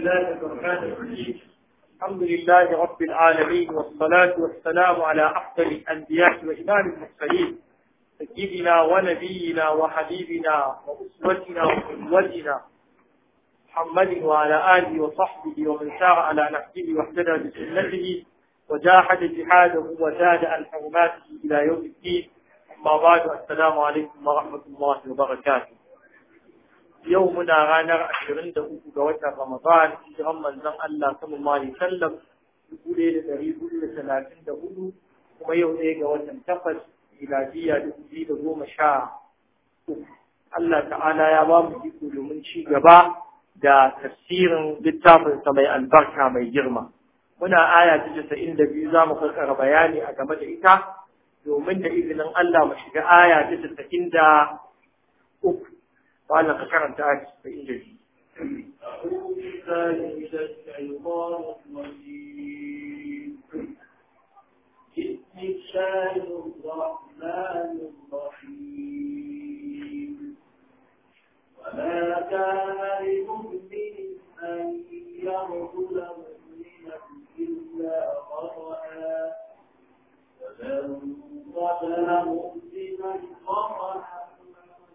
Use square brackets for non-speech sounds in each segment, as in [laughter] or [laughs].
الله الرحمن الرحيم الحمد لله رب العالمين والصلاة والسلام على أفضل الأنبياء وإمام المرسلين سيدنا ونبينا وحبيبنا وأسوتنا وقدوتنا محمد وعلى آله وصحبه ومن سار على نفسه واهتدى بسنته وجاهد جهاده وزاد عن حرماته إلى يوم الدين أما بعد السلام عليكم ورحمة الله وبركاته yau muna ranar ashirin da uku ga watan Ramadan hijiran manzon Allah sallallahu alaihi wasallam hudu, kuma yau ɗaya ga watan 8 miladiya 2013 Allah ta'ala ya ba mu iko domin ci gaba da tafsirin littafinsa mai albarka mai girma muna aya ta biyu za mu karkara bayani a game da ita domin da izinin Allah mu shiga aya ta uku. وأنا ذكرت آية بإنجاز أعوذ بالله من الشيطان الرجيم الرحمن الرحيم وما كان لمؤمن أن يرسل مؤمنا إلا خطأ ومن مؤمنا خطأ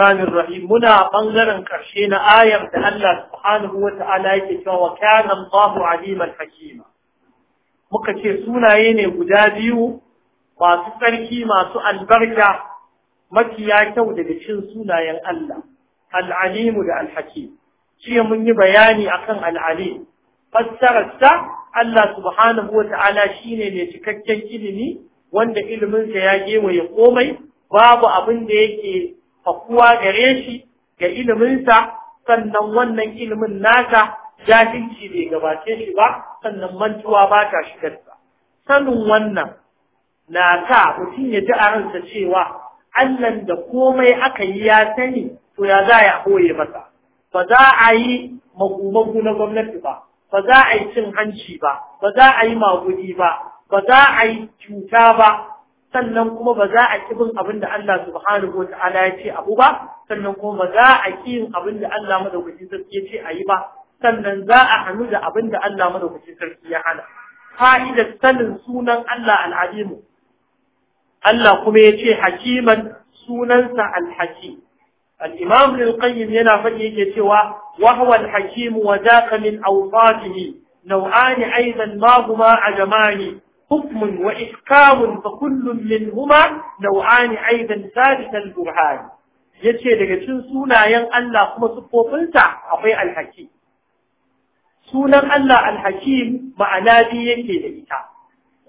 الرحمن الرحيم منا بنغرن كرشين آية الله سبحانه وتعالى يكتوى وكان الله عليما حكيما مكتشي سونا يني قداديو ما تتركي ما سؤال بركة مكي يكتوى لكشن سونا ين الله العليم دا الحكيم شيء من يبياني أكن العليم فسرت الله سبحانه وتعالى شيني لتككين إلمي wanda iliminsa ya gewaye komai babu abin da yake fakuwa gare shi ga iliminsa sannan wannan ilimin nasa jahilci bai gabace shi ba sannan mantuwa ba ta shigarsa sanin wannan na sa mutum ya ji a ransa cewa allan da komai aka yi ya sani to ya za ya koye masa ba za a yi magumagu na gwamnati ba ba za a yi cin hanci ba ba za a yi magudi ba ba za a yi cuta ba sannan kuma ba za a ƙi bin abin da Allah subhanahu wa ta'ala ya ce abu ba sannan kuma ba za a ƙi yin abin da Allah madaukakin sarki ya ce a yi ba sannan za a hannu da abin da Allah madaukakin sarki ya hana fa'idar sanin sunan Allah al'adimu Allah kuma ya ce hakiman sunansa al-hakim al yana faɗi yake cewa wa huwa al-hakim wa zaqa min awsatihi naw'ani aidan ma huma ajmani حكم وإحكام فكل منهما نوعان أيضا ثالث البرهان yace daga cikin sunayen Allah kuma siffofinsa akwai alhakim sunan Allah alhakim ma'ana biyu yake da ita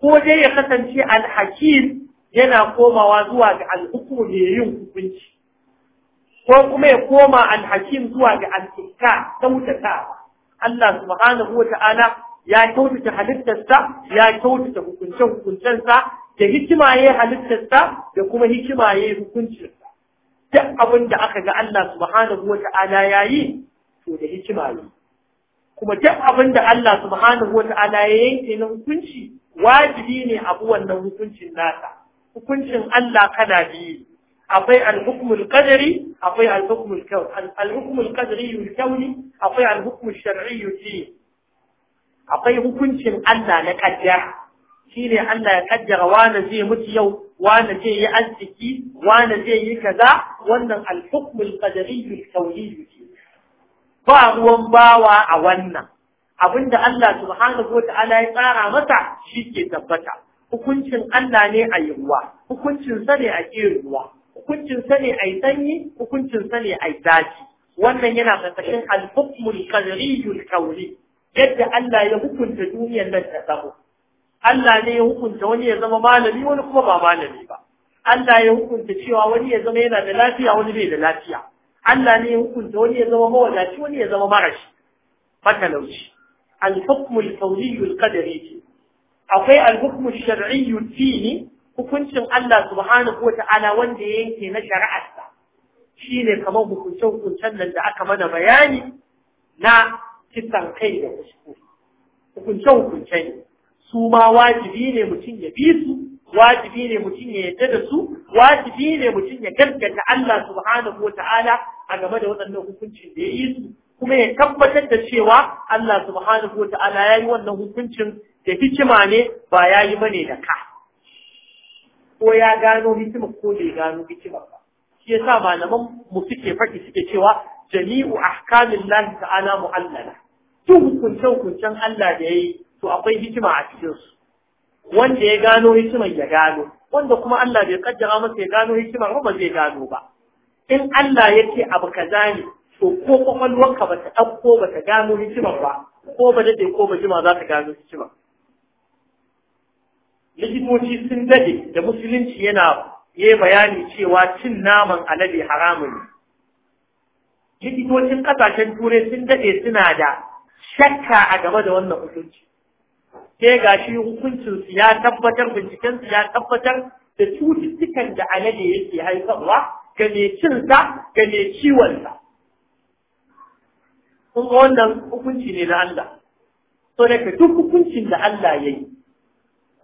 ko dai ya kasance alhakim yana komawa zuwa ga alhukumu ne yin hukunci ko kuma ya koma alhakim zuwa ga alhikka sautata Allah subhanahu wa ta'ala ya kyautata halittarsa ya kyautata hukunce hukuncensa da hikima ya halittarsa da kuma hikima ya hukuncinsa duk abin da aka ga Allah subhanahu wa ta'ala ya yi to da hikima ya kuma duk abin da Allah subhanahu wa ta'ala ya yanke na hukunci wajibi ne abu wannan hukuncin nasa hukuncin Allah kana biyu akwai al-hukmul qadari akwai al-hukmul kawn al-hukmul qadari yul kawni akwai al-hukmul shar'i yul akwai hukuncin Allah na kaddara ne Allah ya kaddara wani zai mutu yau wani zai yi arziki wani zai yi kaza wannan al-hukmul qadariyyu tawhidiyyu ba ruwan bawa a wannan abinda Allah subhanahu wata'ala ya tsara masa shi ke tabbata hukuncin Allah ne a yi ruwa hukuncin sa ne a ƙi ruwa hukuncin sa ne a yi sanyi hukuncin sa ne a yi zafi wannan yana tsakanin al-hukmul qadariyyu tawhidiyyu yadda Allah ya hukunta duniyar nan ta zama Allah ne ya hukunta wani ya zama malami wani kuma ba malami ba Allah ya hukunta cewa wani ya zama yana da lafiya wani bai da lafiya Allah ne ya hukunta wani ya zama mawadaci wani ya zama marashi matalauci al-hukm al-fawli akwai al-hukm al hukuncin Allah subhanahu wata'ala wanda ya yanke na shari'arsa shine kamar hukuncin hukuncen nan da aka mana bayani na kisan kai da kuskure hukunce hukunce ne su ma wajibi ne mutum ya bi su wajibi ne mutum ya yadda da su wajibi ne mutum ya gaskata Allah subhanahu wata'ala a game da waɗannan hukuncin da ya yi su kuma ya tabbatar da cewa Allah subhanahu wata'ala ya yi wannan hukuncin da hikima ne ba ya yi mane da ka ko ya gano hikima ko bai gano hikima ba shi sa malaman mu suke faɗi suke cewa jami'u ahkamillahi ta'ala mu'allala duk hukunce-hukuncen Allah da yayi to akwai hikima a cikin su wanda ya gano hikimar ya gano wanda kuma Allah bai kaddara masa ya gano hikimar ba zai gano ba in Allah yake abu kaza ne to ko kwakwalwarka ba ta ɗauko ba ta gano hikimar ba ko ba daɗe ko ba jima za ta gano hikimar likitoci sun dade da musulunci yana yi bayani cewa cin naman alade haramun likitocin kasashen turai sun dade suna da shakka a game da wannan hukunci sai ga shi hukuncinsu ya tabbatar su ya tabbatar da cututtukan da alade yake haifarwa ga mai cinsa ga mai ciwonsa kun ga wannan hukunci ne na Allah so daga duk hukuncin da Allah ya yi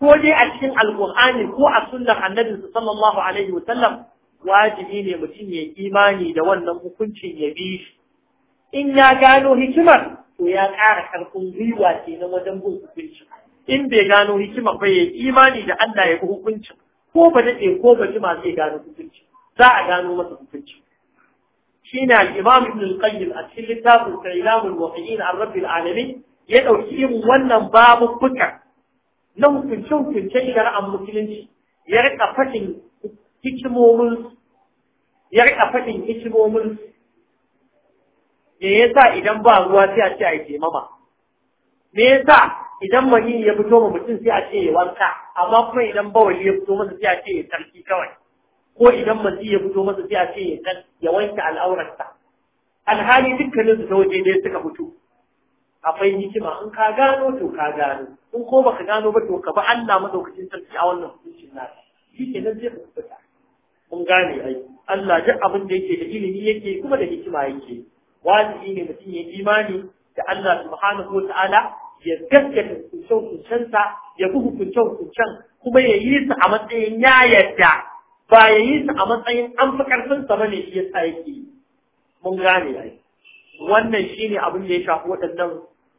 ko dai a cikin alkur'ani ko a sunnar annabinsu sallallahu alaihi wa sallam wajibi ne mutum ya imani da wannan hukuncin ya bi shi in ya gano hikimar to ya ƙara karfin gwiwa kenan wajen bin hukuncin in bai gano hikimar ba ya imani da Allah ya bi hukuncin ko ba daɗe ko ba jima zai gano hukunci za a gano masa hukunci shi ne al'imam ibn al-qayyim a cikin littafin sa ilamul a an rabbil ya ɗauki yin wannan babu fuka na hukunce hukuncen shari'ar musulunci ya rika fashin hikimomin ya rika faɗin hikimomin me yasa idan ba ruwa sai a ce a yi taimama me yasa idan mani ya fito ma mutum sai a ce ya wanka amma kuma idan bawali ya fito masa sai a ce ya sarki kawai ko idan mazi ya fito masa sai a ce ya wanke al'aurarsa alhali dukkanin su ta waje ne suka fito akwai hikima in ka gano to ka gano in ko baka gano ba to ka ba Allah madaukakin sarki a wannan hukuncin nasa shi nan zai fuskanta mun gane ai Allah duk abin da yake da ilimi yake kuma da hikima yake wajibi ne mutum ya imani da Allah subhanahu wa ta'ala ya gaskata hukuncen ya bi hukuncen hukuncen kuma ya yi su a matsayin ya yadda ba ya yi su a matsayin an fi karfin sa bane shi sa yake mun gane ai wannan shine abin da ya shafi waɗannan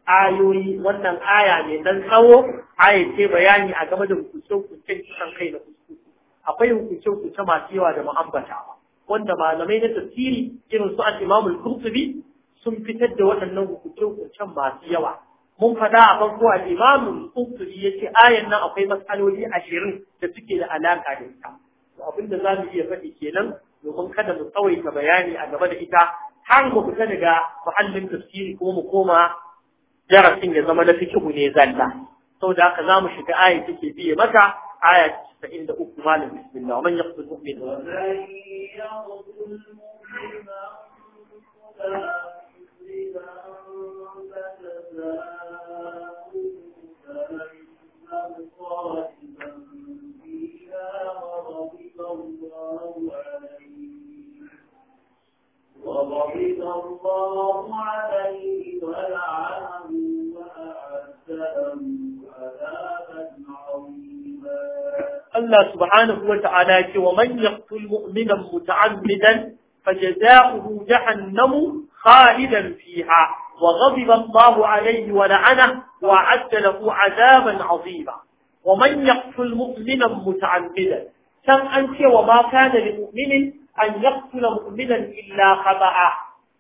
ayoyi wannan aya ne dan tsawo aya ce bayani a game da hukuncen hukuncen kan kai na hukuncen akwai hukunce-hukunce masu yawa da mu'ambata wanda malamai na tafsiri irin su al-imamul kurtubi sun fitar da waɗannan hukunce-hukuncen masu yawa mun faɗa a farko al-imamul kurtubi ya ce ayan nan akwai matsaloli ashirin da suke da alaƙa da ita abin da za mu iya faɗi kenan domin kada mu tsawaita bayani a gaba da ita har mu fita daga muhallin tafsiri ko mu koma darasin ya zama na fikihu ne zalla saboda haka za mu shiga ayin take biye mata آية 93 مالك بسم الله ومن يقتل مؤمنا ومن يقتل مؤمنا وغضب الله عليه ولعنه وأعد له عذابا عظيما الله سبحانه وتعالى ومن يقتل مؤمنا متعمدا فجزاؤه جهنم خالدا فيها وغضب الله عليه ولعنه وأعد له عذابا عظيما ومن يقتل مؤمنا متعمدا كم أنت وما كان لمؤمن أن يقتل مؤمنا إلا خطأ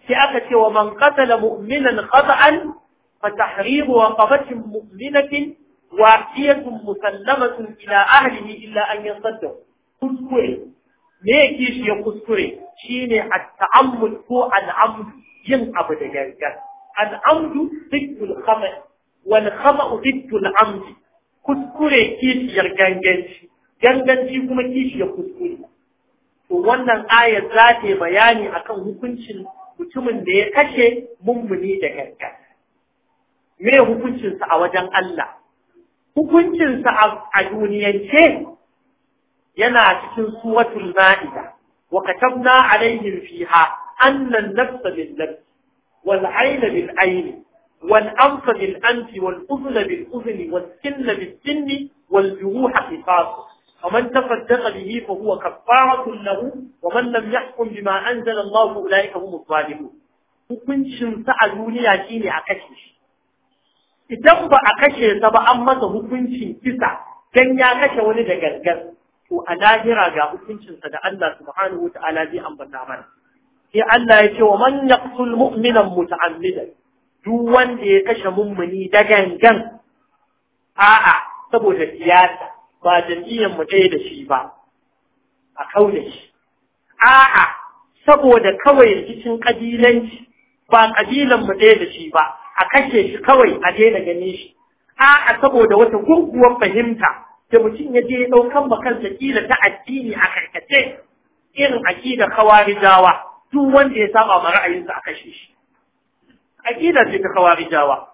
كأكت ومن قتل مؤمنا خطأ فتحريب وقفة مؤمنة wasiyatun musallamatun ila ahlihi illa an yasadda kuskure me yake shi ya kuskure shine at-ta'ammud ko al-amd yin abu da gangan al-amd zikkul khama wal khama zikkul amd kuskure kishiyar ganganci ganganci kuma kishiyar kuskure to wannan ayar za ta yi bayani akan hukuncin mutumin da ya kashe mummuni da gangan me hukuncinsa a wajen Allah hukuncinsa a duniyance yana cikin suwatul ma'ida wa katabna alaihim fiha annan an-nafsa bil-nafs wal-'ayna bil-'ayni والأنف بالأنف والأذن بالأذن والسن بالسن والجروح قصاص ومن تصدق به فهو كفارة له ومن لم يحكم بما أنزل الله أولئك هم الظالمون hukuncin sa a duniya ne a kashe idan ba a kashe sa ba an masa hukunci kisa dan ya kashe wani da gargar to a lahira ga hukuncinsa da Allah subhanahu Wataala zai ambata mana sai Allah ya ce wa man yaqtul mu'minan muta'ammidan duk wanda ya kashe mummuni da gangan a'a saboda siyasa ba jam'iyyar mu ɗaya da shi ba a kaune shi a'a saboda kawai rikicin kabilanci ba kabilan mu ɗaya da shi ba a kashe shi kawai a daina gane shi a'a saboda wata gurguwar fahimta da mutum ya je ya ɗaukan ba kansa kila ta addini a karkace irin aƙida kawarijawa duk wanda ya saba ma ra'ayinsa a kashe shi aƙida ce ta kawarijawa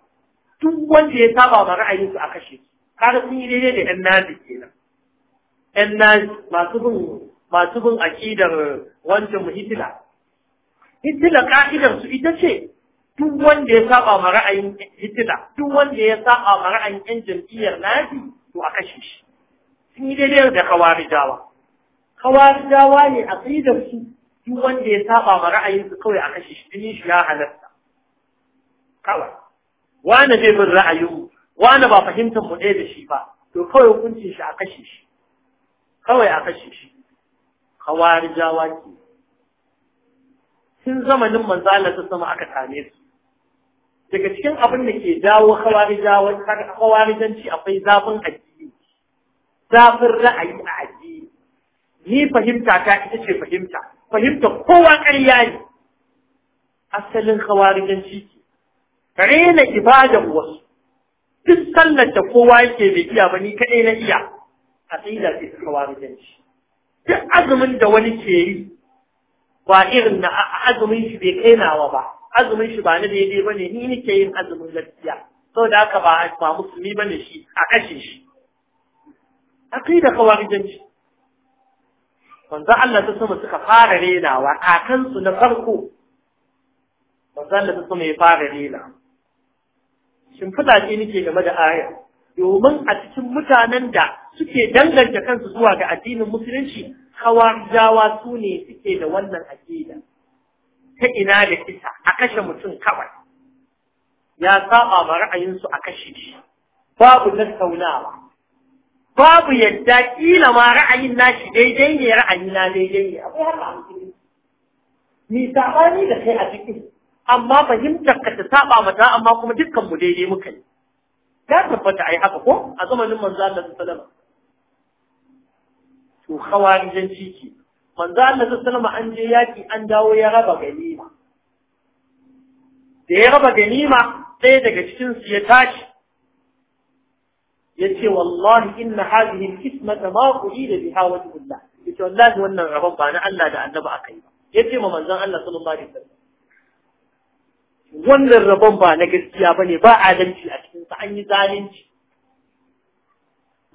duk wanda ya saba ma ra'ayinsa a kashe shi kada sun yi daidai da ƴan nazi kenan ƴan nazi masu bin masu bin aƙidar wancan muhitila hittila ka'idar su ita ce duk wanda ya saba ma ra'ayin hittila duk wanda ya saba ma ra'ayin yan jam'iyyar nazi to a kashe shi sun yi daidai da kawari dawa ne a ƙidar duk wanda ya saba ma ra'ayin su kawai a kashe shi jini shi ya halarta kawai wani zai bin ra'ayin wani ba fahimtar mu ɗaya da shi ba to kawai hukuncin shi a kashe shi kawai a kashe shi kawarijawa ke tun zamanin manzo Allah ta sama aka same su daga cikin abin da ke dawo kawarijanci akwai zafin addini zafin ra'ayi a addini ni fahimta ta ita ce fahimta fahimta kowa ƙarya ne asalin kawarijanci ke rena ibadan wasu duk sallar da kowa yake bai iya ba ni kaɗai na iya a tsida ce ta kawarijanci duk azumin da wani ke yi ba irin na azumin shi bai kai nawa ba azumin shi ba na daidai ba ne ni nake yin azumin gaskiya da haka ba ba musulmi ba ne shi a kashe shi A da kawar janci wanzan Allah ta sama suka fara renawa kakansu na farko wanzan Allah ta sama ya fara rena shin fada ce nake game da ayar domin a cikin mutanen da suke danganta kansu zuwa ga addinin musulunci hawarijawa su ne suke da wannan aƙida ta ina da kisa a kashe mutum kawai ya saba ma ra'ayinsu a kashe shi babu tattaunawa babu yadda kila ma ra'ayin nashi daidai ne ra'ayi na daidai ne akwai har ba ni sabani da kai a cikin amma fahimtar ka ta saba mata amma kuma dukkan mu daidai muka yi ya tabbata ai haka ko a zamanin manzo Allah sallallahu alaihi wasallam to khawarijanci ce manzo Allah sallallahu alaihi an je yaki an dawo ya raba ganima da ya raba ganima sai daga cikin su ya tashi yace wallahi inna hadhihi al-qismata ma qulida biha wajhullah yace wallahi wannan rabon ba na Allah da annabi akai ba yace ma manzon Allah sallallahu alaihi wasallam wannan rabon ba na gaskiya bane ba adalci a cikin sa an yi zalunci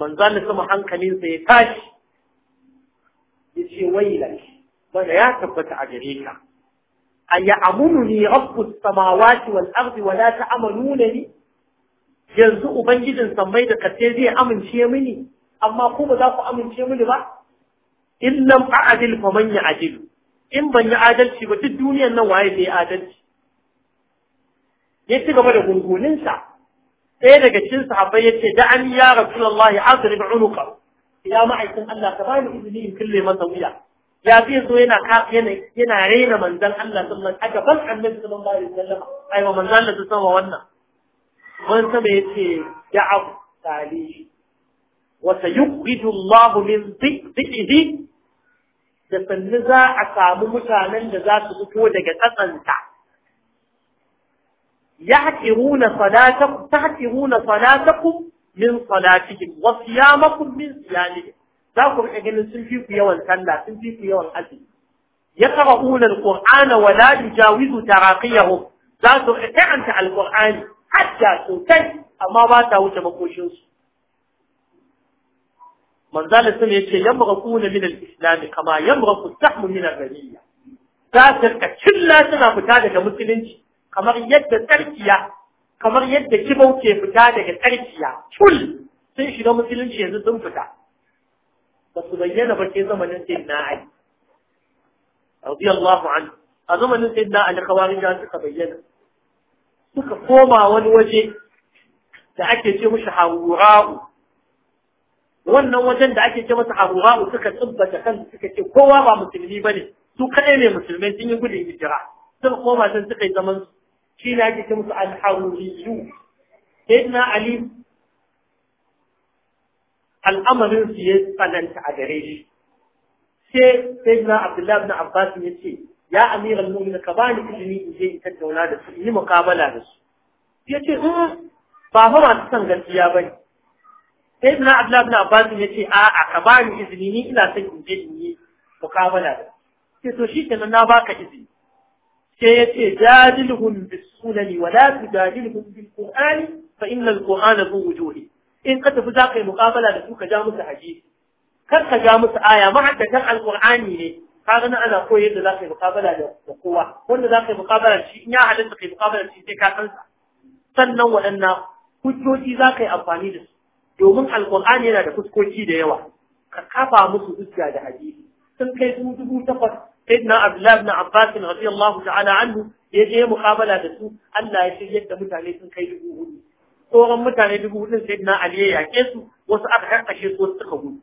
manzon Allah sama hankalinsa ya tashi yace wailak bada ya tabbata a gare ka ay amuni rabbus samawati wal ardi wa la ta'maluna li yanzu ubangijin sammai da kace zai amince mini amma ku ba za ku amince mini ba in lam a'dil fa man ya'dil in ban yi adalci ba duk duniyan nan waye bai adalci ya ci gaba da gunguninsa ɗaya daga cikin sahabbai ya ce da an ya rasulullahi azrib unuqa ya ma'aikin Allah ka bani izini in kille masa wuya ya fi so yana ka yana yana raina manzon Allah sallallahu alaihi wasallam aka ban Annabi sallallahu alaihi wasallam ai wa manzon Allah sallallahu wannan wani sama yace abu tali wa sayukhriju Allah min dhikrihi da sannu za a samu mutanen da za su fito daga katsanta yahqiruna salatakum tahqiruna salatakum min salatihim wa siyamakum min siyamihim za ku rika ganin sun fi ku yawan sallah sun fi ku yawan azumi yaqra'una al-qur'ana wa la yujawizu taraqiyahu za su karanta al-qur'ani hatta sosai amma ba ta wuce makoshin su manzala sun yace yamraquna min alislam kama yamraqu sahmu min ar za su rika cilla suna fita daga musulunci kamar yadda tsarkiya kamar yadda kibau ke fita daga tsarkiya ful sun shiga musulunci yanzu sun fita ba su bayyana ba ke zamanin sai na ali radiyallahu anhu a zamanin sai na ali kawarin da suka bayyana suka koma wani waje da ake ce mushi haura'u wannan wajen da ake ce masa haura'u suka tsubbata kan suka ce kowa ba musulmi bane su kaɗai ne musulmai sun yi gudun hijira suka koma sun suka yi zaman su shi na ake ce musu Sai sayyidina ali al'amarin su ya tsananta a gare shi sai sayyidina abdullahi ibn abbas ya ce ya amiran mu'min ka bani izini in je in tattauna da su in yi muqabala da su ya ce hmm, ba fa masu son gaskiya ba ne sai ibn abdullahi na abbas ya ce a'a ka bani izini ni ina son in je in yi muqabala da su sai to shi kenan na baka izini sai ya ce jadilhum bis sunani wa la tujadilhum bil qur'ani fa inna al qur'ana zu wujuhi in ka tafi za ka yi muqabala da su ka ja musu hadisi kar ka ja musu aya ma'addatan al qur'ani ne ka gani ana koyar da za ka yi muqabala da kowa wanda za ka yi muqabala shi in ya halatta ka yi muqabala shi sai ka san sa sannan waɗannan hujjoji za ka yi amfani da su domin alkur'ani yana da fuskoki da yawa ka kafa musu hujja da hadisi sun kai su dubu takwas sayyidina abdullahi ibn abbas radiyallahu ta'ala anhu ya je muqabala da su Allah ya shirye da mutane sun kai dubu hudu tsoron mutane dubu hudu sayyidina ali ya yake su wasu aka karkashe su wasu suka gudu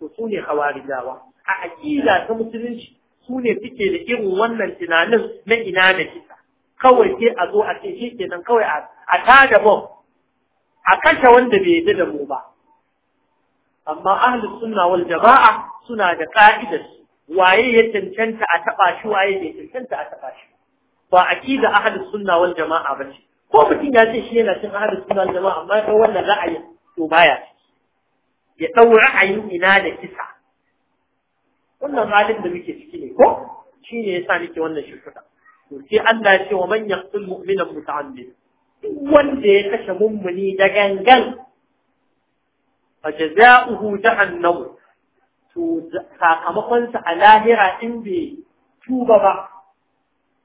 to su ne hawarijawa a aqida ta musulunci su ne suke da irin wannan tunanin na ina da kisa kawai sai a zo a ce shi kenan kawai a tada bom a kashe wanda bai yarda da mu ba amma ahlus sunna wal jama'a suna da ka'idar waye ya cancanta a taɓa shi waye bai cancanta a taɓa shi ba akida ahlus sunna wal jama'a ce. ko mutum ya ce shi yana cin ahlus suna wal jama'a amma ko wannan ra'ayi to baya ya dau ra'ayin ina da kisa wannan halin da muke ciki ne ko shi ne yasa nake wannan shirkuta to sai Allah ya ce wa manyan yaqtul muminan muta'ammid duk wanda ya kashe mummuni da gangan fa jaza'uhu jahannam to sakamakonsa a lahira in bai tuba ba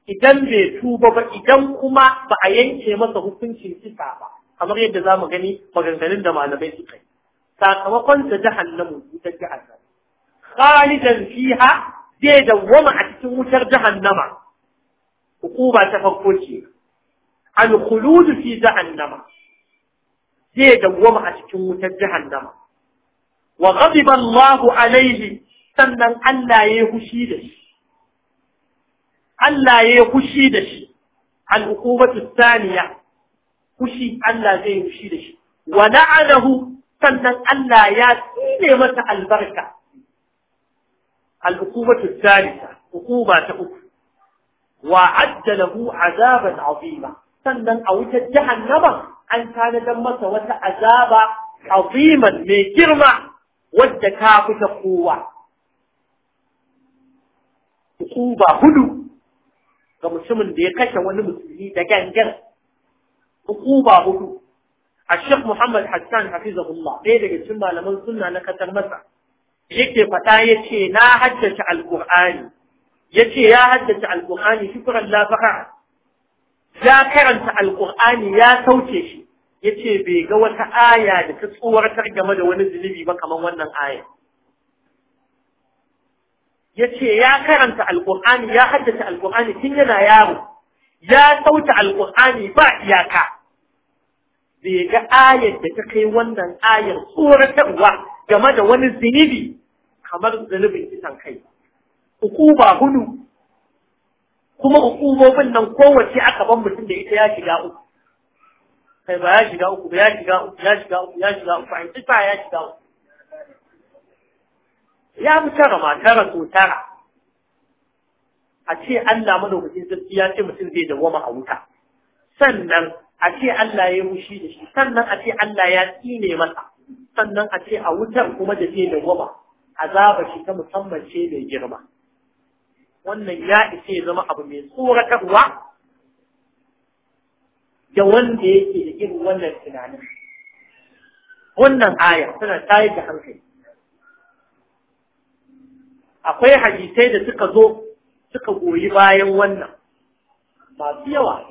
idan bai tuba ba idan kuma ba a yanke masa hukuncin kisa ba kamar yadda za mu gani maganganun da malamai suka yi sakamakonsa jahannamu wutar jahannama khalidan fiha zai dawwama a cikin wutar jahannama hukuma ta farko ce al khulud fi jahannama zai dawwama a cikin wutar jahannama wa ghadiba Allahu alaihi sannan Allah ya hushi da shi Allah ya hushi da shi al-uqubatu thaniya hushi Allah zai hushi da shi wa la'anahu sannan Allah ya tsine masa albarka al-uqubatu thalitha uquba ta uku wa ajjalahu azaban azima sannan a wutar jahannama an tanadar masa wata azaba aziman mai girma wadda ka fita kowa ba hudu ga mutumin da ya kashe wani musulmi da gangan ba hudu a Sheikh muhammad hassan hafizahullah ɗaya daga cikin malaman sunna na kasar masa yake faɗa ya ce na haddace alƙur'ani ya ce ya haddace alƙur'ani shukuran lafaka ya karanta alƙur'ani ya sauke shi yace bai ga wata aya da ta tsuwartar game da wani zunubi ba kamar wannan aya yace ya karanta alqur'ani ya haddace alqur'ani tun yana yaro ya sauta alqur'ani ba iyaka bai ga ayar da ta kai wannan ayar tsoratarwa game da wani zunubi kamar zunubin kisan kai ba hudu kuma ukubobin nan kowace aka ban mutum da ita ya shiga uku kai ba ya shiga uku ya shiga uku ya shiga uku ya shiga uku shiga uku, ya shiga uku ya fi tara ma tara so tara a ce Allah madaukakin sarki ya ce mutum zai dawwama a wuta sannan a ce Allah ya rushi da shi sannan a ce Allah ya tsine masa sannan a ce a wutar kuma da zai dawwama azaba shi ta musamman ce mai girma wannan ya isa ya zama abu mai tsoratarwa Da wanda yake da irin wannan tunanin wannan aya tana tayar da hankali akwai hadisai da suka zo suka goyi bayan wannan masu yawa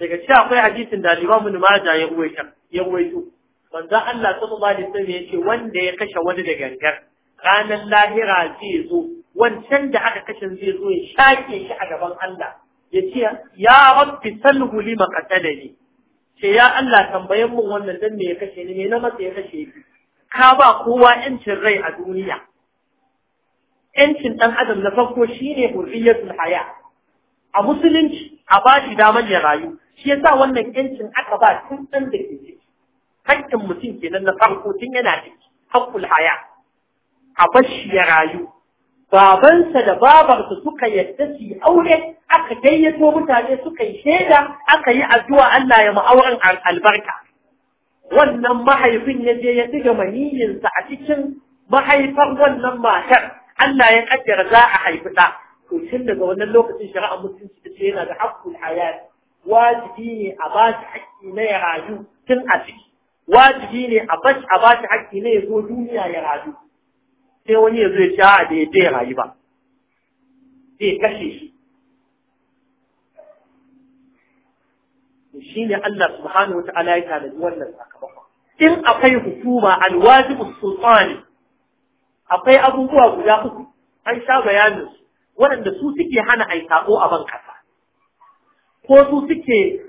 daga cikin akwai hadisin da Imam Ibn Majah ya ruwaita ya ruwaito manzo Allah sallallahu alaihi wasallam yace wanda ya kashe wani da gangar ranar lahira zai zo wancan da aka kashe zai zo ya shake shi a gaban Allah ya ce ya rabbi salhu lima qatalani ce ya Allah tambayen mun wannan dan me ya kashe ni me na masa ya kashe ni ka ba kowa yancin rai a duniya yancin dan adam na farko shine hurriyatul haya a musulunci a ba shi ya rayu shi yasa wannan yancin aka ba tun dan da ke ciki hakkin mutum kenan na farko tun yana ciki haqqul haya a bashi ya rayu babansa da babarsa suka yadda su yi aure aka gayyato mutane suka yi shaida aka yi addu'a Allah ya ma'auren albarka wannan mahaifin ya je ya diga maniyinsa a cikin mahaifar wannan matar Allah ya kaddara za a haifi ɗa to tun daga wannan lokacin shari'a mutunci ta ce yana da haƙƙul hayat wajibi ne a ba shi haƙƙi na ya rayu tun a ciki wajibi ne a a ba shi haƙƙi na ya zo duniya ya rayu sai wani ya zo ya sha a da ya je rayu ba zai kashe shi shi ne Allah subhanahu wa ta'ala ya yi wannan sakamakon in akwai hukuma alwajibu sultani akwai abubuwa guda uku an sha bayanin su waɗanda su suke hana ai sabo a ban kasa ko su suke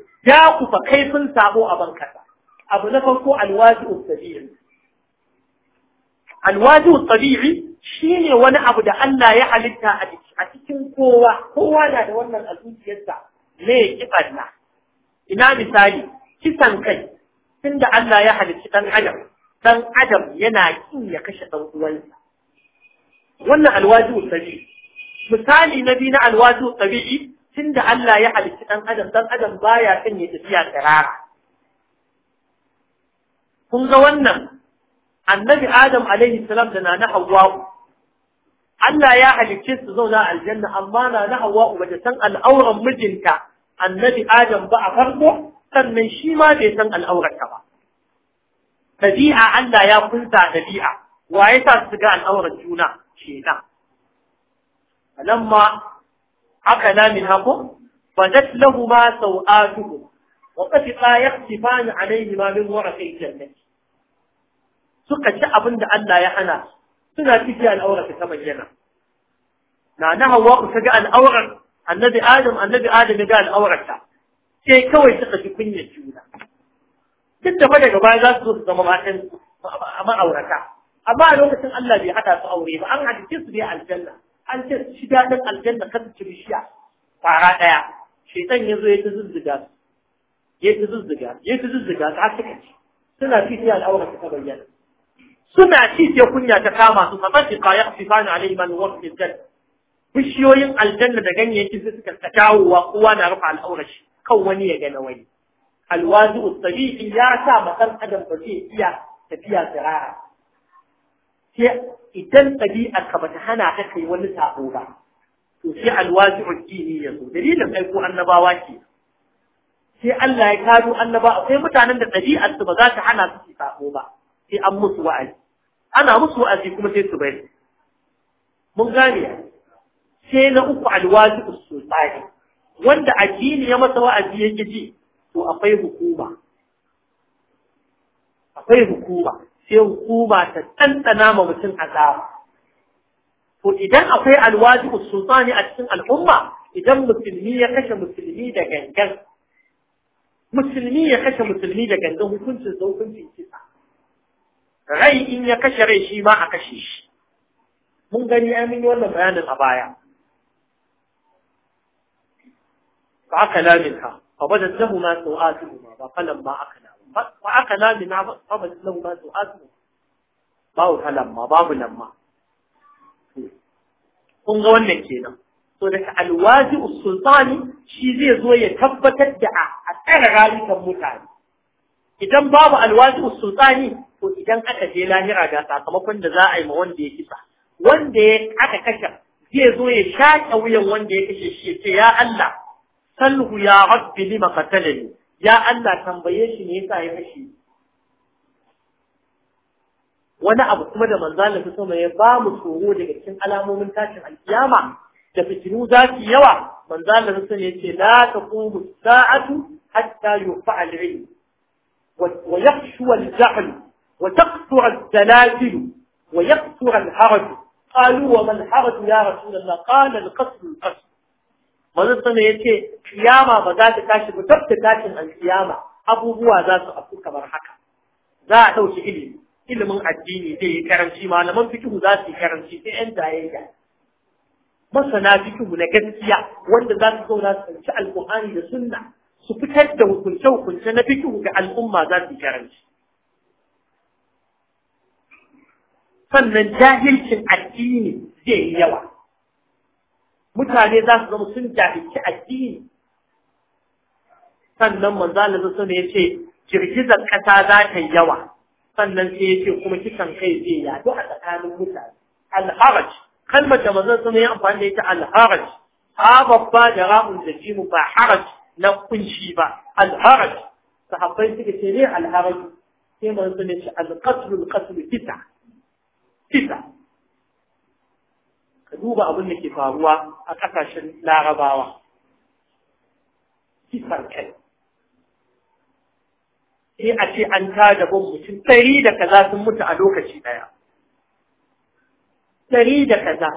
kufa kaifin sabo a ban kasa abu na farko alwajibu sabil alwajihu tabi'i shine wani abu da Allah ya halitta a cikin kowa kowa na da wannan a zuciyarsa me kibanna ina misali kisan kai tunda Allah ya halicci dan adam dan adam yana kin ya kashe dan uwansa wannan alwajihu tabi'i misali na biyu na alwajihu tabi'i tunda Allah ya halicci dan adam dan adam baya kin ya tafiya tsirara kun ga wannan annabi adam alaihi salam da nana hawwa Allah ya halicce su zauna aljanna amma nana hawwa ba san al'auran mijinta annabi adam ba a farko sannan shi ma bai san al'aurarta ba tabi'a Allah ya kunta tabi'a wa ya sa su ga al'auran juna kenan lamma aka lamin hako badat lahuma sau'atuhum وقد لا يختفان عليهما من ورق الجنة suka ci abin da Allah ya hana suna ciki al'aura ta bayyana na na hawa ku ga al'aurar annabi adam annabi adam ya ga al'aurarta sai kawai suka ji kunya juna duk da daga baya za su zo su zama matan ma'aurata amma a lokacin Allah bai hada su aure ba an hadice su ne aljanna an ce shi daɗin aljanna kan su bishiya fara ɗaya shaitan ya zo ya ta zuzzuga ya ta zuzzuga ya ta zuzzuga su suka ci suna fitiyar al'aurarta ta bayyana suna ci kunya ta kama su fa fatiqa yaqfifan alayhi man huwa fil janna bishiyoyin aljanna da ganyayyaki su suka tawowa kowa na rufa al'aurar shi kan wani ya gana wani Alwazi sabihi ya sa masan adam ba zai iya tafiya tsirara sai idan ɗabi'ar ka bata hana ta kai wani sabo ba to sai alwazi addini ya zo dalilin aiko annabawa ke sai Allah ya karo annaba akwai mutanen da ɗabi'ar su ba za ta hana su sabo ba sai an musu wa'azi ana musu wa'azi kuma sai su bari mun gane sai na uku alwazi usultani wanda addini ya masa wa'azi yake ji to akwai hukuma akwai hukuma sai hukuma ta tantana ma mutum azaba to idan akwai alwazi usultani a cikin al'umma idan musulmi ya kashe musulmi da gangan musulmi ya kashe musulmi da gangan hukuncin hukuncin kisa rai in ya kashe rai shi ma a kashe shi mun gani an yi wannan bayanin a baya ba aka lamin ha ba da zahu ma su'atuhuma ba kalan ba aka na Ba aka lamin ha fa badat lahu ma ba babu kalan ma babu nan ma kun ga wannan kenan so daga alwazi, sultani shi zai zo ya tabbatar da a tsara rayukan mutane idan babu alwazi sultani to idan aka je lahira ga sakamakon da za a yi ma wanda ya kisa wanda ya aka kashe zai zo ya shaƙe wuyan wanda ya kashe shi ya ce ya Allah salhu ya rabbi lima qatalani ya Allah tambaye shi ne yasa ya kashe wani abu kuma da manzo Allah sama ya ba mu tsoro daga cikin alamomin tashin alkiyama da fitinu za su yawa manzo Allah sama ya ce la taqumu sa'atu hatta yufa'al ilm wa yakhshu al-jahl وتقطع السلاسل ويقطع الحرج قالوا وما الحرج يا رسول الله قال القصر القصر manzon sama ya ce kiyama ba za ta tashi ba dab da tashin alkiyama abubuwa za su afu kamar haka za a ɗauki ilimi ilimin addini zai yi karanci malaman fikihu za su yi karanci sai yan jayayya masana fikihu na gaskiya wanda za su zauna su fahimci alkur'ani da sunna su fitar da hukunce-hukunce na fikihu ga al'umma za su yi karanci sannan jahilcin addini zai yi yawa mutane za su zama sun jahilci addini sannan manzo Allah sun ya ce girgizar ƙasa za ta yi yawa sannan sai ya ce kuma kisan kai zai yadu a tsakanin mutane al-haraj kalmar da manzo sun ya amfani da ita al-haraj ha babba da ra'un da jimu ba haraj na kunshi ba al-haraj sahabbai suka ce ne al-haraj sai manzo sun ya ce al-qatl al-qatl kisa kisa ka duba abin da ke faruwa a ƙasashen larabawa kisar kai sai a ce an tada ban mutum ɗari da kaza sun mutu a lokaci ɗaya ɗari da kaza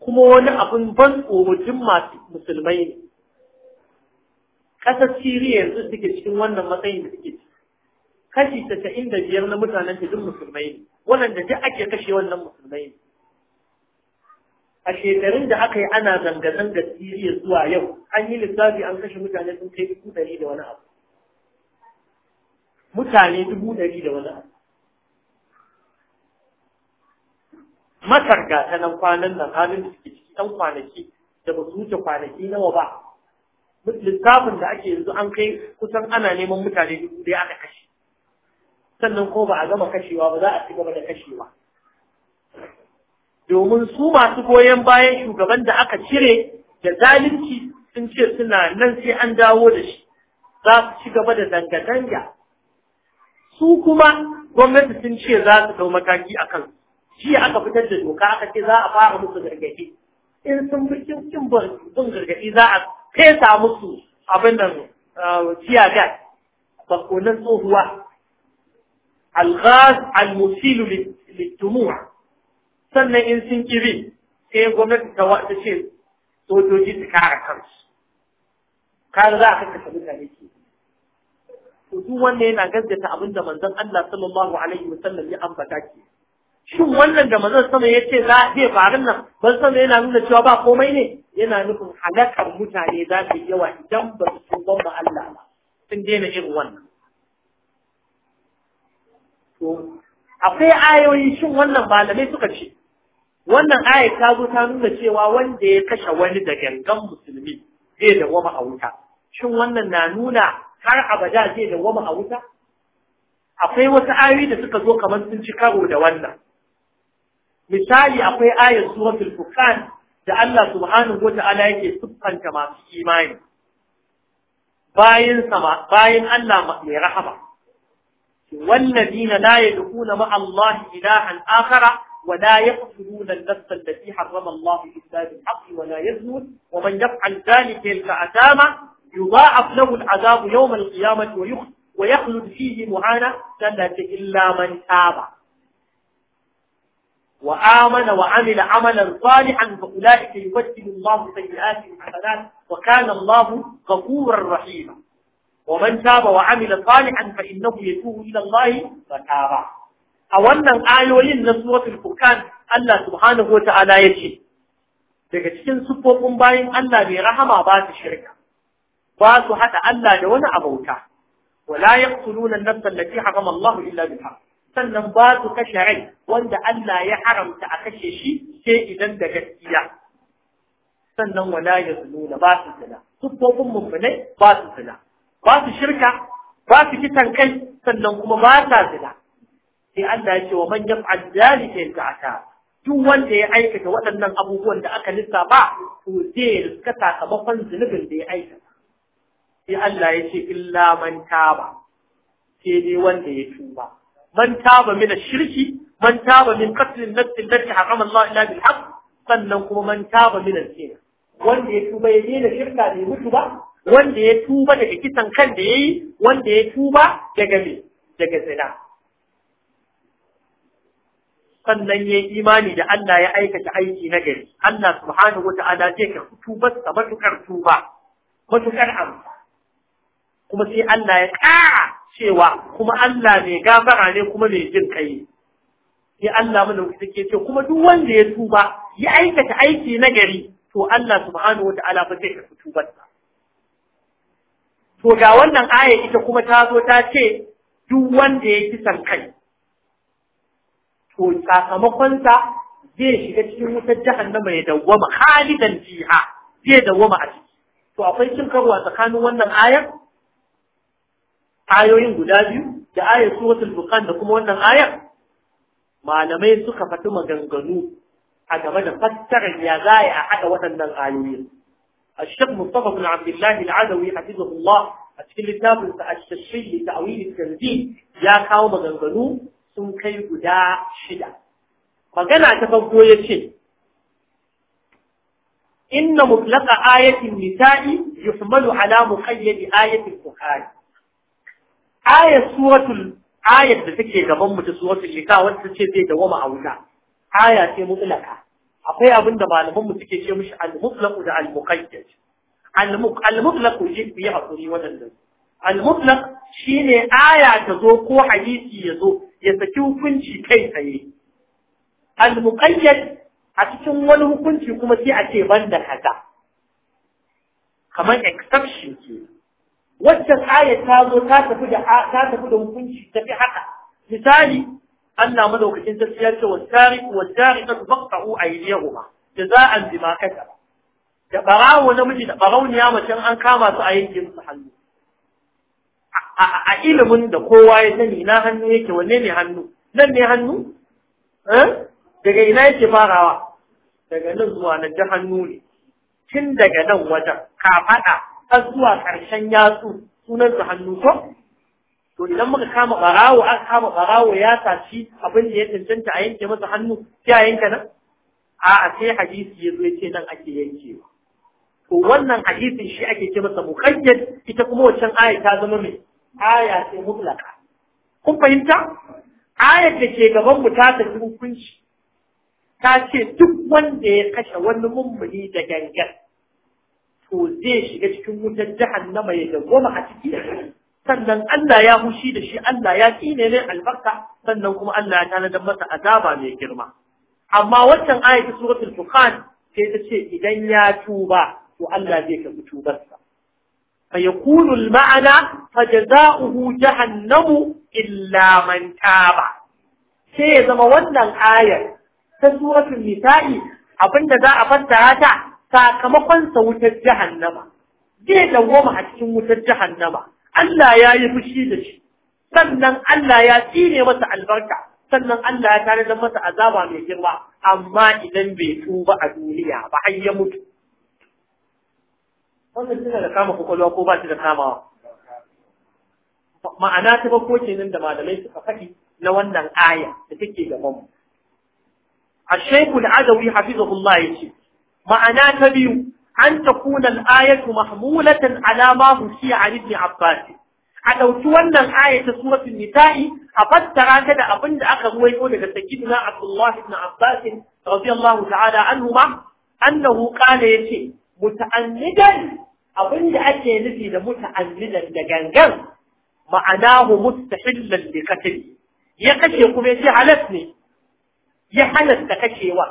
kuma wani abin ban tsoron masu musulmai ne ƙasar siriya yanzu suke cikin wannan matsayin da suke ciki kashi tasa'in da biyar na mutanen ta duk musulmai ne waɗanda duk ake kashe wannan musulmai ne a shekarun da aka yi ana zanga da siriya zuwa yau an yi lissafi an kashe mutane sun kai dubu ɗari da wani abu mutane dubu ɗari da wani abu masar ga ta nan kwanan nan halin da suke cikin kwanaki da ba su wuce kwanaki nawa ba lissafin da ake yanzu an kai kusan ana neman mutane dubu ɗaya aka kashe sannan ko ba a gama kashewa ba za a ci gaba da kashewa domin su masu goyon bayan shugaban da aka cire da zalunci sun ce suna nan sai an dawo da shi za su ci gaba da zanga-zanga su kuma gwamnati sun ce za su dau mataki a kan jiya aka fitar da doka aka ce za a fara musu gargaɗi in sun fi kin bin gargaɗi za a fesa musu abin nan eh, jiya gas nan tsohuwa alghaz almusilu littumuwa sannan in sun ƙiri sai gwamnati ta ce sojoji su kare kansu kan za a kasa mutane ke to duk wanda yana gaskata abin da manzon Allah sallallahu alaihi wasallam ya ambata ke shin wannan da manzon sama ya ce za zai faru nan ban san yana nuna cewa ba komai ne yana nufin halakar mutane za su yawa idan ba su san ba Allah ba sun daina irin wannan to akwai ayoyi shin wannan malamai suka ce wannan aya ta zo ta nuna cewa wanda ya kashe wani da gangan musulmi zai dawwama a wuta shin wannan na nuna har abada zai dawwama a wuta akwai wasu ayoyi da suka zo kamar sun ci karo da wannan misali akwai ayar suratul filfukan da Allah subhanahu wata'ala yake siffanta masu imani bayan bayan Allah mai rahama والذين لا يدعون مع الله إلها آخر ولا يقتلون النفس التي حرم الله إلا بالحق ولا يزنون ومن يفعل ذلك يلقى أثاما يضاعف له العذاب يوم القيامة ويخلد ويخلد فيه معانا سنة إلا من تاب وآمن وعمل عملا صالحا فأولئك يبدل الله سيئاتهم حسنات وكان الله غفورا رحيما ومن تاب وعمل صالحا فإنه يتوب إلى الله فتابا أولا آيوين نصورة الفركان الله سبحانه وتعالى يجي daga cikin siffofin bayan Allah mai rahama ba su shirka ba su hada Allah da wani abauta wala yaqtuluna an-nafs allati harama Allah illa biha sannan ba su kashe rai wanda Allah ya haramta a kashe shi sai idan da gaskiya sannan wala yazluna ba su zina siffofin mummunai ba su zina ba su shirka ba su kisan kai sannan kuma ba sa zina sai Allah ya ce wa man yaf'al zalika yata'ata duk wanda ya aikata waɗannan abubuwan da aka ba, to zai riska sakamakon zunubin da ya aikata sai Allah ya ce illa man taba sai dai wanda ya tuba man taba min shirki man taba min qatl an-nafs allati harama Allah illa bil haqq sannan kuma man taba min al-zina wanda ya tuba ya daina shirka bai mutu ba wanda ya tuba daga kisan kan da yi, wanda ya tuba daga me daga zina sannan yi imani da Allah ya aikata aiki na gari Allah subhanahu wata'ala zai karɓi tubar sa matukar tuba matukar amsa kuma sai Allah ya ƙara cewa kuma Allah mai gafara ne kuma mai jin kai sai Allah mana wuce ke ce kuma duk wanda ya tuba ya aikata aiki na gari to Allah subhanahu ala ba zai karɓi tubar sa to ga wannan aya ita kuma ta zo ta ce duk wanda ya kisan kai to sakamakonsa zai shiga cikin wutar jahannama ya dawwama halidan jiha zai dawwama a ciki to akwai cin karuwa tsakanin wannan ayar ayoyin guda biyu da ayar suratul bukan da kuma wannan ayar malamai suka faɗi maganganu a game da fassarar ya za a haɗa waɗannan ayoyin الشيخ مصطفى بن عبد الله العدوي حفظه الله a cikin littafin a ash-shashri ta'wil at-tanzil ya kawo maganganu sun kai guda shida magana ta farko yace inna mutlaqa ayatin nisa'i yuhmalu ala muqayyad ayatil bukhari ayat suratul ayat da take gabanmu mu suratun suratul nisa ta ce zai dawama a aya ce mutlaka akwai abin da malaman mu suke ce mishi al-mutlaq da al-muqayyad al-mutlaq shi bi hakuri wadannan al-mutlaq shine aya ta zo ko hadisi ya zo ya saki hukunci kai tsaye al-muqayyad a cikin wani hukunci kuma sai a ce banda kaza kamar exception ke wacce aya ta zo ta tafi da ta tafi da hukunci ta haka misali Allah madaukakin sarki ya ce wasari wasari kan faqahu aydiyahuma jaza'an bima kasaba da barawo namiji da barauniya mace an kama su a yankin su hannu a ilimin da kowa ya sani na hannu yake wanne ne hannu nan ne hannu eh? daga ina yake farawa daga nan zuwa nan da hannu ne tun daga nan wajen kafaɗa har zuwa ƙarshen yatsu sunan su hannu ko to idan muka kama barawo an kama barawo ya tashi abin da ya cancanta a yanke masa hannu sai a yanka nan a sai hadisi ya zo ya ce nan ake yankewa to wannan hadisin shi ake ce masa muqayyad ita kuma wancan aya ta zama mai aya ce mutlaka kun fahimta ayar da ke gaban mu ta tafi hukunci ta ce duk wanda ya kashe wani mummuni da gangan to zai shiga cikin wutar jahannama ya dawwama a ciki sannan Allah ya hushi da shi Allah ya tsine ne albarka sannan kuma Allah ya tanadar masa azaba mai girma amma waccan ayat ta suratul fukhan sai ta ce idan ya tuba to Allah zai karbi tubarsa fa yakunu al-ma'ana fa jazaohu jahannamu illa man taba sai ya zama wannan ayar ta suratul nisa'i abinda za a fassara ta sakamakon sa wutar jahannama zai dawoma a cikin wutar jahannama Allah ya yi fushi da shi sannan Allah ya tsine masa albarka sannan Allah ya tare da masa azaba mai girma amma idan bai tuba a duniya ba an ya mutu wannan tana da kama kwakwalwa ko ba shi da kamawa ma'ana ta bako kenan da malamai suka faɗi na wannan aya da take gaban mu الشيخ العدوي ya ce ma'ana ta biyu. an takuna al-ayatu mahmulatan ala ma husiya an ibn Abbas a ɗauki wannan aya ta suratul nisa'i a fassara ta da abin da aka ruwaito daga sayyidina Abdullah ibn Abbas radiyallahu ta'ala anhuma annahu qala yace muta'annidan abin da ake nufi da muta'annidan da gangan ma'anahu mustahillan bi qatl ya kashe kuma yace halas ne ya halasta kacewa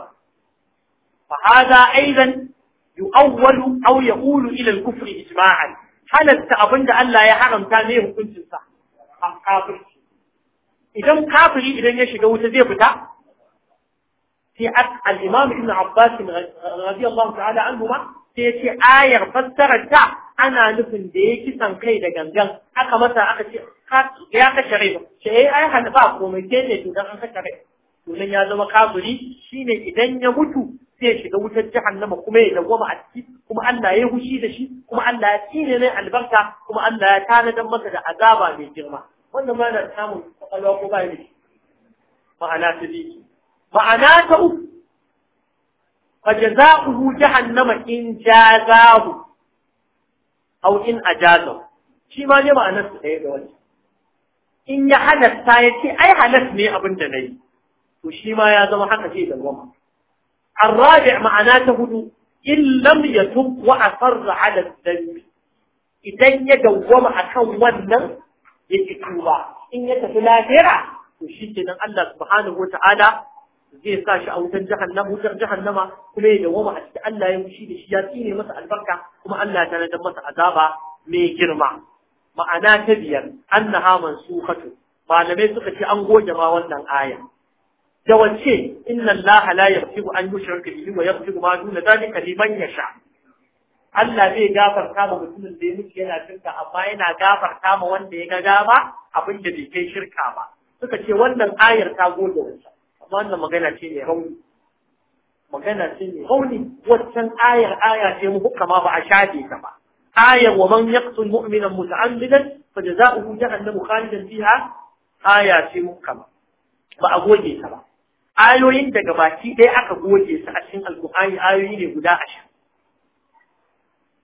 fa hada aidan yu'awwalu aw yaqulu ila al-kufr ijma'an halatta abinda Allah ya haramta ne hukuncin sa kafirci idan kafiri idan ya shiga wuta zai fita sai al-imam ibn Abbas radiyallahu ta'ala anhu ma sai ya ce ayar fassarar ta ana nufin da ya kisan kai da gangan aka masa aka ce ya kashe rai ba ce ai ai hana komai ke ne to dan an kashe rai to ya zama kafiri shine idan ya mutu zai shiga wutar jahannama kuma ya dawwama a ciki kuma Allah ya hushi da shi kuma Allah ya tsine mai albarka kuma Allah ya tanadar masa da azaba mai girma wannan ma na samun kwakwalwa ko ba ne ma'ana ta biyu ma'ana ta uku fa jaza'uhu jahannama in jazahu aw in ajazahu shi ma ne ma'anar su ɗaya da wani in ya halasta ya ce ai halas ne abin da na yi to shi ma ya zama haka ce da goma ma'ana ta hudu الرابع معناته إن لم يتب وأصر على الذنب إذن يدوم أكون ونن يتكوبا إن يتفلاهرة وشيكنا الله سبحانه وتعالى zai sa shi a wutan jahannama wutar jahannama kuma ya dawoma a cikin Allah ya mushi da shi ya tsine masa albarka kuma Allah ta nadar masa azaba mai girma ma'ana ta biyar annaha mansukatu malamai suka ce an goge ma wannan aya da wace inna Allah la yaghfiru an yushraka bihi wa yaghfiru ma duna zalika liman yasha Allah zai gafarta ma mutumin da ya mutu yana shirka amma yana gafarta ma wanda ya ga dama abin da bai kai shirka ba suka ce wannan ayar ta goge wancan amma wannan magana ce mai rauni magana ce mai rauni waccan ayar aya ce mu hukama ba a shafe ta ba ayar wa man yaqtul mu'mina muta'ammidan fa jazaohu jahannam khalidan fiha aya ce mu hukama ba a goge ta ba ayoyin daga baki ɗaya aka goge su a cikin alƙur'ani ayoyi ne guda ashirin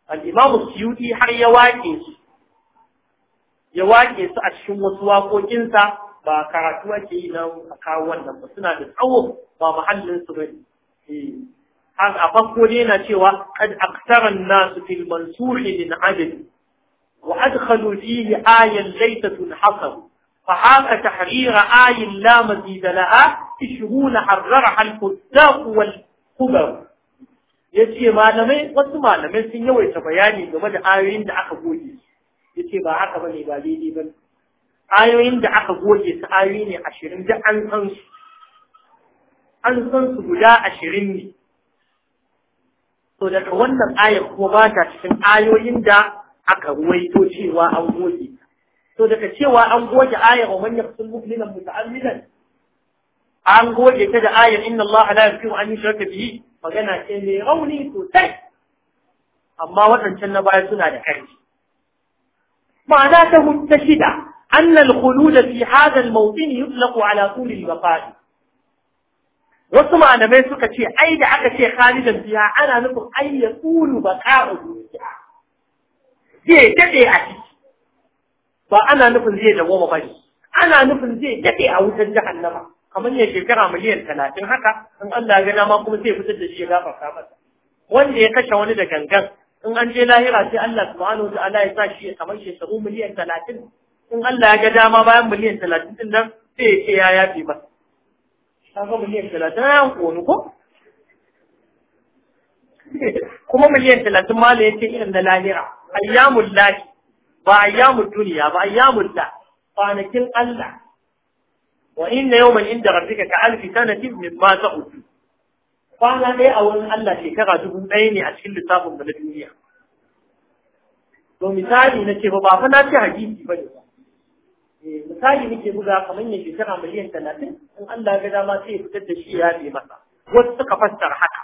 al'imamu suyuɗi har ya waƙe su ya waƙe su a cikin wasu waƙoƙinsa ba karatu ake yi na kawo wannan ba suna da tsawo ba muhallin su bane eh, har a farko ne yana cewa kad aktaran nasu fil mansuhi min adad wa adkhalu fihi ayan laysa tunhasabu fa haka tahrira ayin la mazida laha shihuna harraraha al-kuzzaq wal kubar yace malamai wasu malamai sun yawaita bayani game da ayoyin da aka goge Ya ce ba haka ba ne ba daidai bane ayoyin da aka goge su ayoyi ne ashirin da an san su an san su guda ashirin ne to daga wannan ayar kuma ba ta cikin ayoyin da aka ruwaito cewa an goge to daga cewa an goge ayar wa man yaqtul mu'mina muta'ammidan an goge ta da ayar inna Allah la yaghfiru an yushraka bihi magana ce mai rauni sosai amma waɗancan na baya suna da ƙarfi ma'ana ta hutta shida أن الخلود في هذا الموطن يطلق على طول البقاء wasu malamai suka ce ai da aka ce khalidan biya ana nufin ai ya tsulu baka'u biya zai dade a ciki ba ana nufin zai dawoma ba ana nufin zai dade a wutar jahannama kamar ya shekara miliyan talatin haka in Allah ya gana ma kuma sai fitar da shi ya gafarta masa wanda ya kashe wani da gangan in an je lahira sai Allah subhanahu wataala ya sa shi kamar shekaru miliyan talatin in Allah ya ga dama bayan miliyan talatin din nan sai ya ce ya yafi ba kaga miliyan talatin ya konu ko [laughs] kuma miliyan talatin ma ya ce irin na lahira ayyamul lahi ba ayyamul duniya ba ayyamul la kwanakin Allah wa inna yawman inda rabbika ka alfi sanatin mimma ta'udu kwana ɗaya a wurin Allah shekara dubu ɗaya ne a cikin lissafin da na duniya to misali na ce ba fa na ci hadisi ba ne eh, misali nake buga kamar ya shekara miliyan talatin in Allah gada dama sai ya fitar da shi ya bi masa wasu suka fassara haka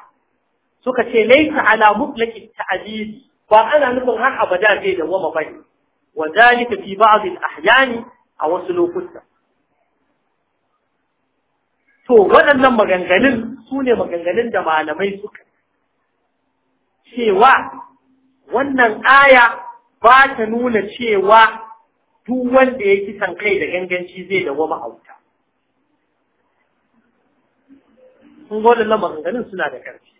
suka ce laisa ala mutlaqi ta'dili ba ana nufin har abada zai dawama bane wa dalika fi ba'd al ahyani a wasu lokuta to waɗannan maganganun su ne maganganun da malamai suka cewa wannan aya ba ta nuna cewa duk wanda ya kisan kai da ganganci zai dawo ma'auta. Sun gwada maganganun suna da ƙarfi.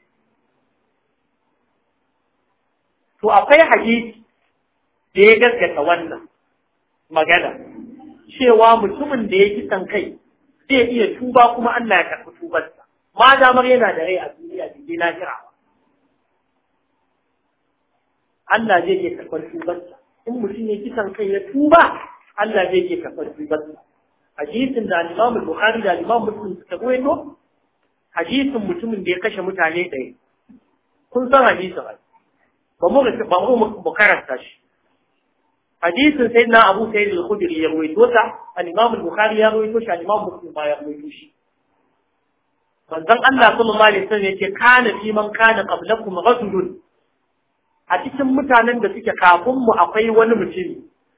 To akwai hadisi da ya gaskata wannan magana, cewa mutumin da ya kisan kai zai iya tuba kuma Allah ya karɓi tubarsa ma damar yana da rai a duniya bai je lahira ba Allah zai iya karɓar tubarsa in mutum ya kisan kai ya tuba Allah zai iya karɓar tubarsa hadisin da alimamu Bukhari da alimamu Muslim suka rawaito hadisin mutumin da ya kashe mutane ɗaya kun san hadisin ba mu ba mu karanta shi hadisin sai na Abu sai da khudri ya rawaito ta al-Imam bukhari ya rawaito shi al-Imam Muslim ya rawaito shi manzon Allah sallallahu alaihi sun yake kana fi man kana qablakum rasulun. a cikin mutanen da suke kafin mu akwai wani mutum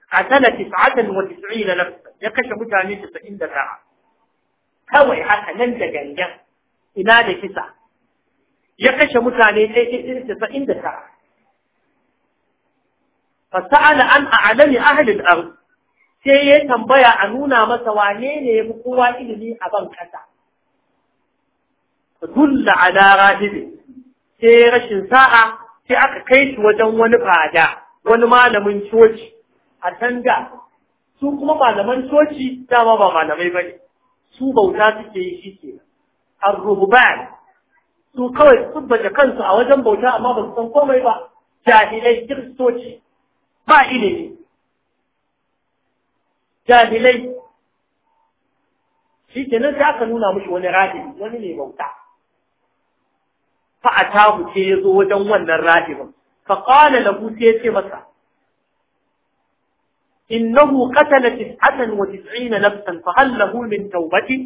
qatala 99 nafs ya kashe mutane 99 kawai haka nan da gangan ina da kisa ya kashe mutane 99 fasa'ala an a'lami ahalin al sai ya tambaya a nuna masa wane ne ya fi kowa ilimi a ban kasa dulla ala rahibi sai rashin sa'a sai aka kai shi wajen wani fada wani malamin coci a tanga su kuma malaman coci dama ba malamai ba ne su bauta suke yi shi ke arruhuban su kawai su baje kansu a wajen bauta amma ba su san komai ba jahilai kiristoci ba ilimi jahilai shi ke nan sai aka nuna mushi wani rahib wani ne bauta fa atahu ya zo wajen wannan rahibin fa qala lahu sai ya ce masa innahu qatala tis'ina nafsan fa hal lahu min tawbati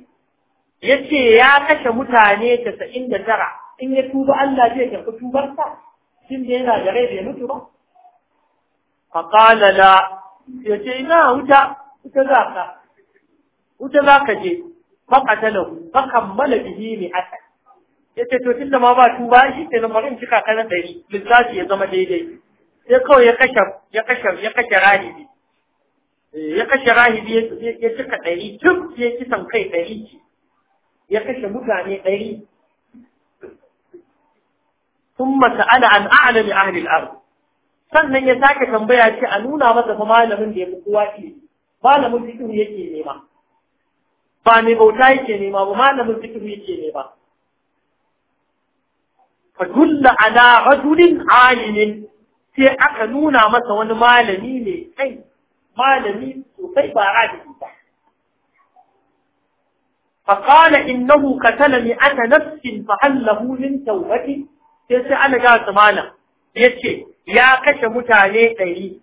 yace ya kashe mutane 99 in ya tuba Allah zai karɓi sa shin da yana da rai bai mutu ba faƙala la ya ce ina wuta wuta za ka wuta za ka je faƙata lahu mana bihi ne asal ya ce to tun da ma ba ba shi ke nan bari cika kana ɗari lissafi ya zama daidai sai kawai ya kashe ya kashe ya kashe rahibi eh, ya kashe rahibi ya cika ɗari tun ya kisan kai ɗari ce ya kashe mutane ɗari ثم سأل عن أعلم أهل الأرض sannan ya sake tambaya ce a nuna masa fa malamin da ya fi kowa ke malamin fikihu yake nema ba mai bauta yake nema ba malamin fikihu yake nema fa dulla ala rajulin alimin sai aka nuna masa wani malami ne kai malami sosai ba rabi ba innahu katala mi مئة nafsin fa hallahu min tawbati sai sai ana ga samana yace ya kashe mutane ɗari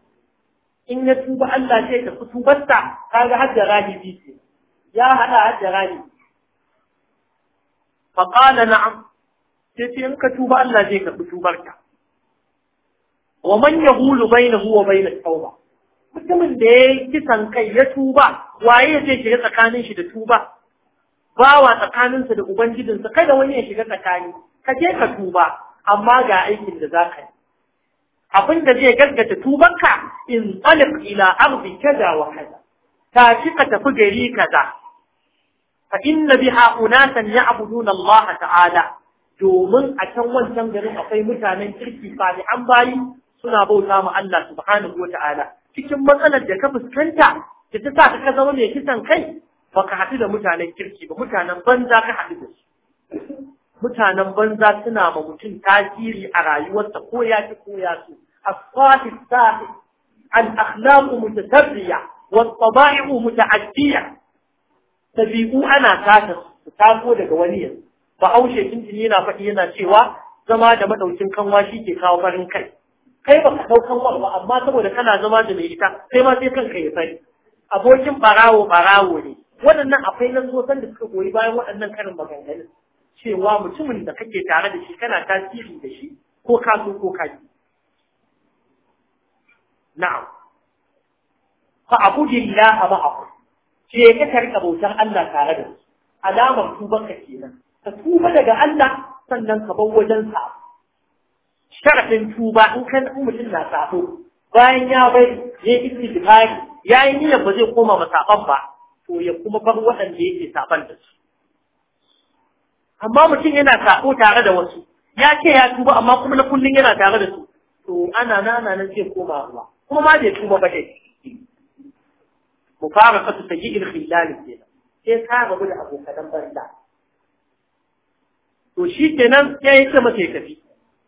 in ya tuba Allah sai ta fi tubarsa ga har da rahibi ce ya haɗa har da rahibi Faƙala na na'am sai ce in ka tuba Allah zai karbi tubarka wa man bai na huwa bai na tauba mutumin da ya yi kisan kai ya tuba waye zai shiga tsakanin shi da tuba bawa tsakaninsa da ubangijinsa kada wani ya shiga tsakani ka je ka tuba amma ga aikin da za ka yi abin da zai gaggata tubanka in tsalif ila arzi kaza wa kaza tafi ka tafi gari kaza fa inna biha unasan ya'buduna Allah ta'ala domin a can wancan garin akwai mutanen kirki an bayi suna bauta ma Allah subhanahu wa ta'ala cikin matsalar da ka fuskanta da ta sa ka zama mai kisan kai baka haɗu da mutanen kirki ba mutanen banza ka haɗu da su mutanen banza suna ma mutum tasiri a rayuwarsa ko ya ci ko ya so الصافي الصافي الأخلاق متتبعة والطبائع sata تبيئو أنا تاتس تاتو لك وليا فأوشي yana faɗi yana cewa زما da maɗaukin kanwa shi ke kawo farin kai kai baka kau ba amma saboda kana zama da mai ita sai ma sai kanka ya sani abokin barawo barawo ne waɗannan akwai nan sosan da suka goyi bayan waɗannan karin maganganun cewa mutumin da kake tare da shi kana tasiri da shi ko ka so ko ka ji na'am fa abudillah ma'ahu Ke ka karka bautar Allah tare da su alamar tubanka kenan ka tuba daga Allah sannan ka bar wajen sa sharafin tuba in kan mutum na tsato bayan ya bai ya yi istighfari ya yi niyyar ba zai koma masaban ba to ya kuma bar wadanda yake saban da su amma mutum yana sako tare da wasu ya ce ya tuba amma kuma na kullun yana tare da su to ana nana nan zai koma ruwa ko ma bai tuba ba dai mu fara kasu ta yi irkhilal kenan sai ka rabu da abokan banza to shi kenan sai ya mace ka fi.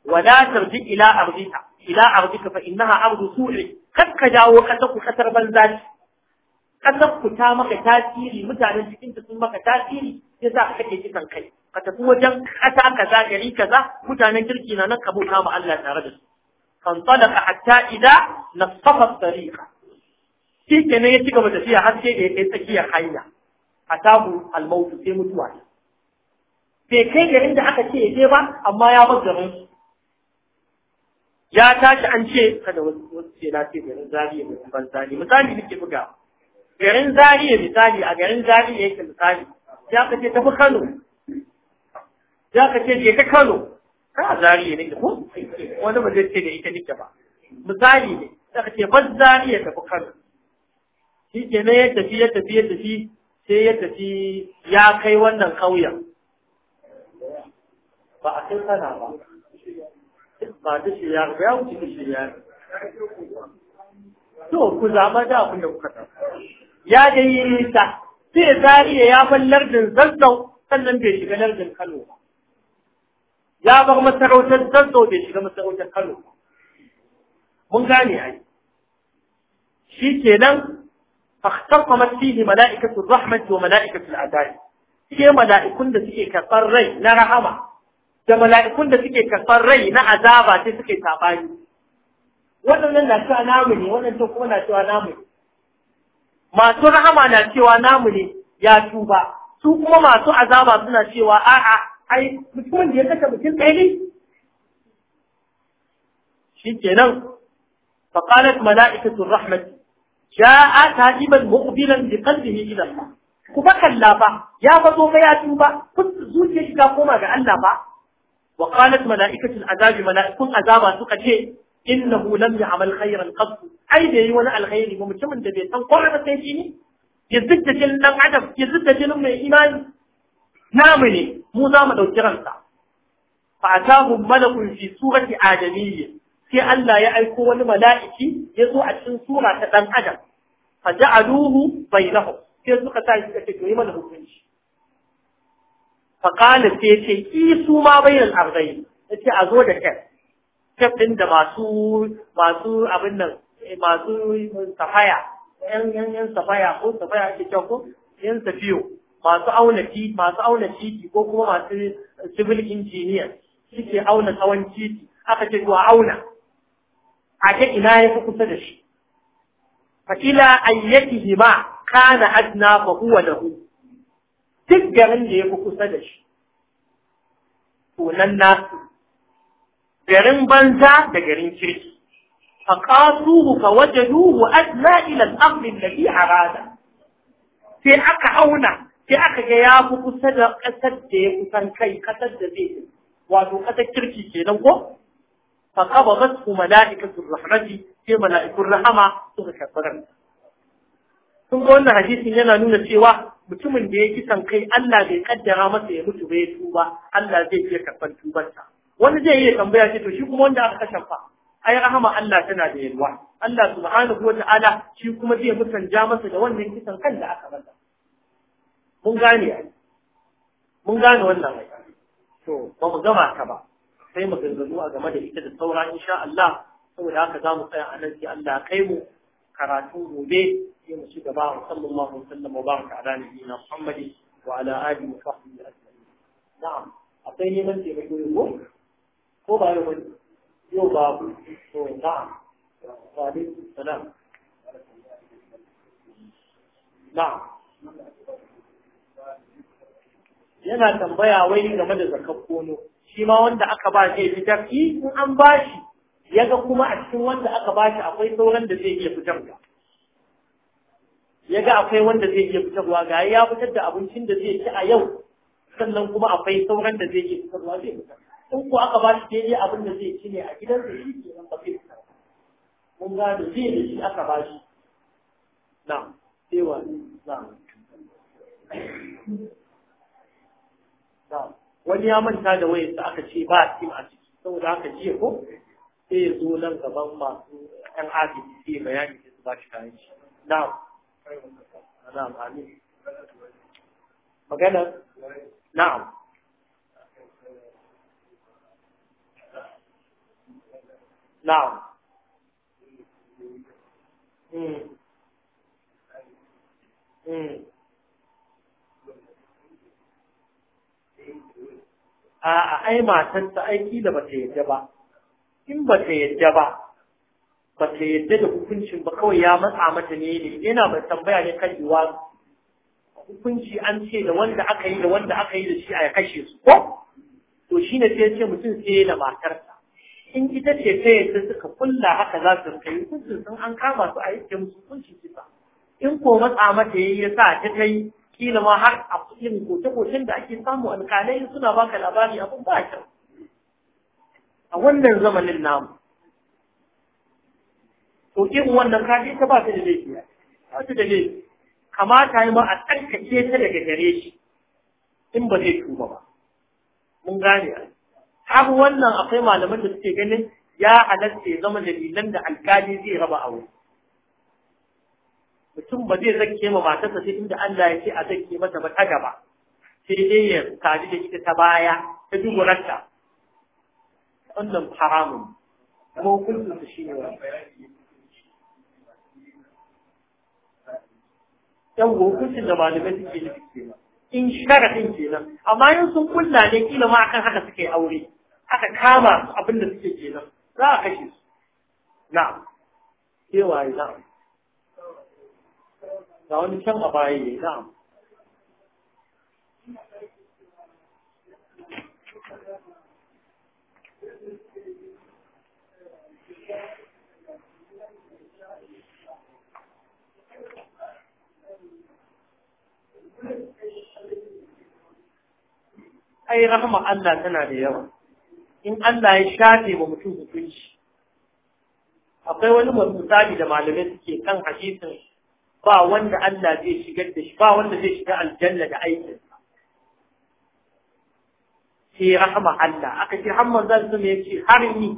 wala tarji ila ardika ila ardika fa innaha ardu su'i ka dawo kasar ku kasar banza kasar ku ta maka tasiri mutanen cikin ta sun maka tasiri sai za ka kake kisan kai ka tafi wajen kasa kaza gari kaza mutanen kirki na nan ka bauta ma Allah tare da su فانطلق حتى إذا نصف الطريق في كنا يتيك بتسيا حتى يتسكي حيا أتاه الموت في متوى في كيك عند أكا شيء يجيبا أما يغضر يا تاش أن شيء هذا وسي لا شيء من زاري من بنزاني مثالي نكي بقى garin zariya misali a garin zariya yake misali ya kace tafi Kano ya kace ka zariya ne ko wani ba zai ce da ita nike ba misali ne da ce ban zariya tafi kano shi ke na ya tafi ya tafi ya tafi sai ya tafi ya kai wannan ƙauyen ba a kai sana ba ba ta shirya ba ya wuce ta shirya to ku zama da abin da kuka tafi ya da yi nisa sai zariya ya fallar da zazzau sannan bai shiga lardin kano ba ya bar masarautar zanzo bai shiga masarautar Kano mun gane ai shi ke nan, kenan fakhtasamat fihi mala'ikatu rahmati wa mala'ikatu al'adabi ke mala'ikun da suke karɓar rai na rahama da mala'ikun da suke karɓar rai na azaba sai suke sabani waɗannan na cewa namu ne waɗannan kuma na cewa namu ne masu rahama na cewa namu ne ya tuba su kuma masu azaba suna cewa a'a ai mutumin da ya kashe mutum ɗaya ne shi kenan فقالت ya a ta'iban تائبا مقبلا بقلبه إلى الله kuma kalla ba ya fazo fa ya tuba kun zuciya shiga koma ga Allah ba wa qalat malaikatul azabi malaikun azaba suka ce innahu lam ya'mal khayran qat ai da yi wani alkhairi ba mutumin da bai san komai ba sai shi ne ya zidda jinin dan adam ya zidda jinin mai imani namu ne mu za mu ɗauki ransa fa atahu malakun fi surati adamiyya sai Allah ya aiko wani mala'iki ya zo a cikin sura ta dan adam fa bai nahu sai suka sa shi kace yi mana hukunci fa kana sai ce ki su ma bainal ardayn ce a zo da kai kai ɗin da masu masu abin nan masu safaya yan safaya ko safaya ake cewa ko yan safiyo masu auna titi masu auna titi ko kuma masu civil engineer suke auna tsawon titi aka ce to auna a ta ina ya fi kusa da shi fa ila ayyatihi ma kana adna fa huwa lahu duk garin da ya fi kusa da shi to nan nasu garin banza da garin kirki fa qasuhu fa wajaduhu adna ila al-amr alladhi arada sai aka auna sai aka ga ya fi kusa da ƙasar da ya kusan kai ƙasar da zai wato ƙasar kirki ke nan ko fa qaba masu su rahmati sai mala'ikun rahama suka shafaran sun ga wannan hadisin yana nuna cewa mutumin da ya kisan kai Allah bai kaddara masa ya mutu bai tuba Allah zai iya karɓar tubarsa wani zai iya tambaya ce to shi kuma wanda aka kashe fa ai rahama Allah tana da yalwa Allah subhanahu wa ta'ala shi kuma zai ja masa da wannan kisan kan da aka masa mun gane mun gane wannan ai to ba mu gama ka ba sai mu gangazo a game da ita da saura insha Allah saboda haka za mu tsaya a nan sai Allah kai mu karatu gobe sai mu ci gaba wa sallallahu mu ba wa baraka ala nabiyina Muhammad wa ala alihi wa sahbihi ajma'in na'am akwai neman taimako ko ko ba yau bane yau babu to na'am wa alaikum salam na'am yana tambaya wai game da zakar kono shi ma wanda aka ba shi fita fitar in an ba shi ya ga kuma a cikin wanda aka ba shi akwai sauran da zai iya da. ya ga akwai wanda zai iya fitarwa ga ya fitar da abincin da zai ci a yau sannan kuma akwai sauran da zai iya fitarwa zai fitar in ko aka ba shi daidai abin da zai ci ne a gidansa shi ke nan ba zai fitar mun gano zai da shi aka ba shi na'am sai wa na wani ya manta da wayar da aka ce ba sim a ciki saboda aka jiya ko sai ya zo nan gaban masu yan asibiti sai ya bayani da su ba shi kayan shi Na. Na. Na. magana Mm. Mm. a'a ai matan ta ai kila ba ta yadda ba in ba yadda ba ba yadda da hukuncin ba kawai ya matsa mata ne ne yana ba tambaya ne kan iwa hukunci an ce da wanda aka yi da wanda aka yi da shi a kashe su ko to shine sai ce mutum sai da matarsa in ita ce ta yadda suka kulla haka za su kai hukuncin sun an kama su a yi musu hukunci kisa in ko matsa mata yayi ya sa ta kai kila ma har a cikin koce-kocen da ake samu alƙalai suna baka labari abin ba kyau a wannan zamanin namu to irin wannan kaji ta ba ta da laifi ba ta da laifi kamata yi ma a tsarkake ta daga gare shi in ba zai tuba ba mun gane a wannan akwai malaman da suke ganin ya halatta ya zama dalilan da alƙali zai raba a wuri mutum ba zai zakke ma matarsa sai inda Allah ya ce a zakke mata ba ta gaba sai dai ya sadu da ita ta baya ta duburarta wannan haramun kuma hukuncin su shine wa yan hukuncin da malamai suke nufi kenan in sharafin kenan amma yin sun kulla ne kila ma akan haka suke aure aka kama abin da suke kenan za a kashe su na'am kewaye na'am ga wani can a baya ya na'am ai rahama Allah tana da yawa in Allah ya shafe wa mutum hukunci akwai wani misali da malamai suke kan hadisin ba wanda Allah zai shigar da shi ba wanda zai shiga aljanna da aikin sai rahama Allah aka ce har manzon sun ya ce har ni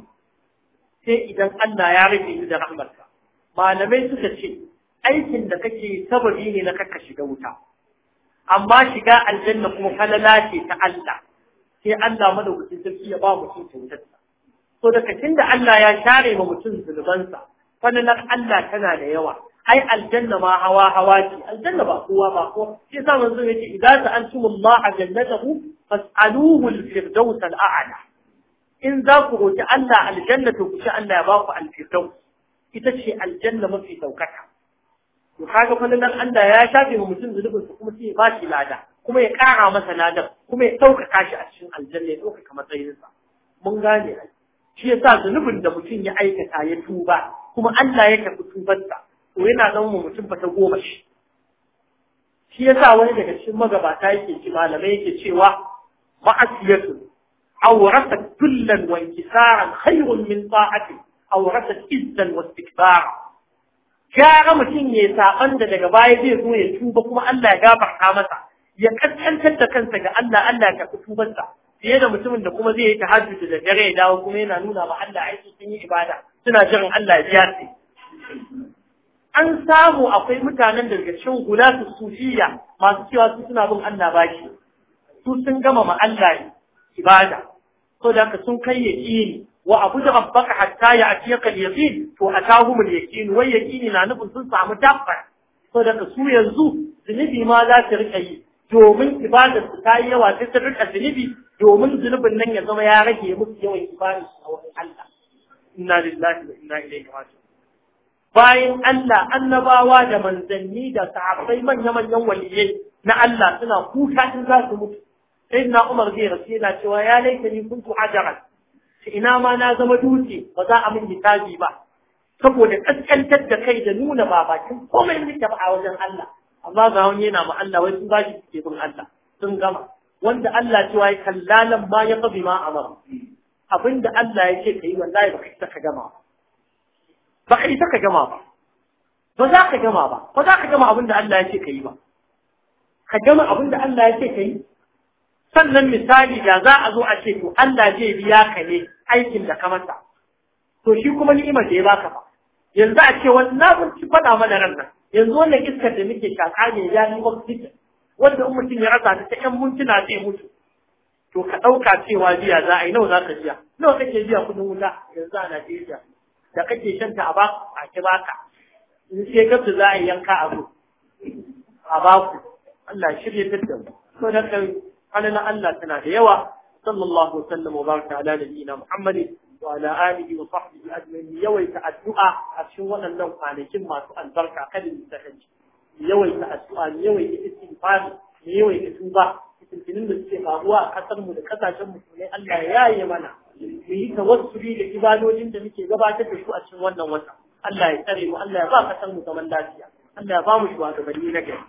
sai idan Allah ya rufe ni da rahmarsa malamai suka ce aikin da kake sababi ne na kaka shiga wuta amma shiga aljanna kuma falala ce ta Allah sai Allah madaukakin sarki ya ba mutum sa. so da kakin da Allah ya share ma mutum zulubansa falalar Allah tana da yawa ai aljanna ma hawa hawa ce aljanna ba kowa ba ko shi yasa manzo yace an sa'altum Allah jannatahu fas'aluhu al-firdaus al-a'la in za ku roki Allah aljanna to ku ci Allah ya ba ku al-firdaus ita ce aljanna mafi daukaka to kaga falalan Allah ya shafe mu mutum zulubin su kuma sai ya bashi lada kuma ya kara masa ladan kuma ya daukaka shi a cikin aljanna ya matsayin matsayinsa mun gane shi yasa zulubin da mutum ya aikata ya tuba kuma Allah ya karɓi tubarsa to yana zama mutum ba ta goma shi shi ya sa wani daga cikin magabata yake ci malamai yake cewa ma'asiyatu awrasat kullan wa inkisaran khayrun min ta'ati awrasat izzan wa istikbara gara mutum ya saban da daga baya zai zo ya tuba kuma Allah ya gafarta masa ya kaskantar da kansa ga Allah Allah ya karɓi tubarsa fiye da mutumin da kuma zai yi ta tahajjud da dare ya dawo kuma yana nuna ma Allah aiki sun yi ibada suna jiran Allah ya ji an samu akwai mutanen daga cikin gulatu sufiya masu cewa su suna bin Allah su sun gama ma Allah ibada so da sun kai yaqini wa abu da rabbaka hatta ya atiyaka yaqin to atahum yaqin wai yaqini na nufin sun samu tabbar so da su yanzu zunubi ma za su rika yi domin ibada su ta yi yawa sai su rika zunubi domin zunubin nan ya zama ya rage musu yawan ibada su a wurin Allah inna lillahi wa inna ilaihi raji'un bayan Allah annabawa da manzanni da sahabbai manya-manyan waliyai na Allah suna kuka in za su mutu sai na Umar zai rasu yana cewa ya laita ni kuntu hajaran ina ma na zama dutse ba za a min misali ba saboda kaskantar da kai da nuna babakin komai nake ba a wajen Allah amma ga wani yana ma Allah wai sun bashi suke bin Allah sun gama wanda Allah cewa ya kallalan ma ya fabi ma amara abinda Allah ya ce kai wallahi baka ka gama ba ka isa ka gama ba ba za ka gama ba ba za ka gama abin da Allah ya ce ka yi ba ka gama abin da Allah ya ce ka yi sannan misali da za a zo a ce to Allah zai biya ka ne aikin da ka masa to shi kuma ni'imar da ya baka ba yanzu a ce wani na mun ci faɗa mana ran nan yanzu wannan iskar da muke shaka ne ya yi oxygen wanda in mutum ya rasa ta ƴan mintuna zai mutu to ka ɗauka cewa biya za a yi nawa za ka biya nawa kake biya kuɗin wuta yanzu a Najeriya da kake shan ta a ba a ki baka in sai ka za a yanka a zo a baku Allah shirye ta da mu to da kan halin Allah tana da yawa sallallahu alaihi wasallam wa baraka ala nabiyina Muhammad wa ala alihi wa sahbihi ajma'in yawaita addu'a a cikin waɗannan kwanakin masu albarka kada mu yawa yawaita addu'a yawaita istighfar yawaita tuba cikin da suke faruwa a kasar mu da kasashen ne Allah ya yi mana mu yi tawassuli da ibadojin da muke gabatar da su a cikin wannan wata Allah ya tsare mu Allah ya ba ka san mu zaman lafiya Allah ya ba mu shugabanni na gari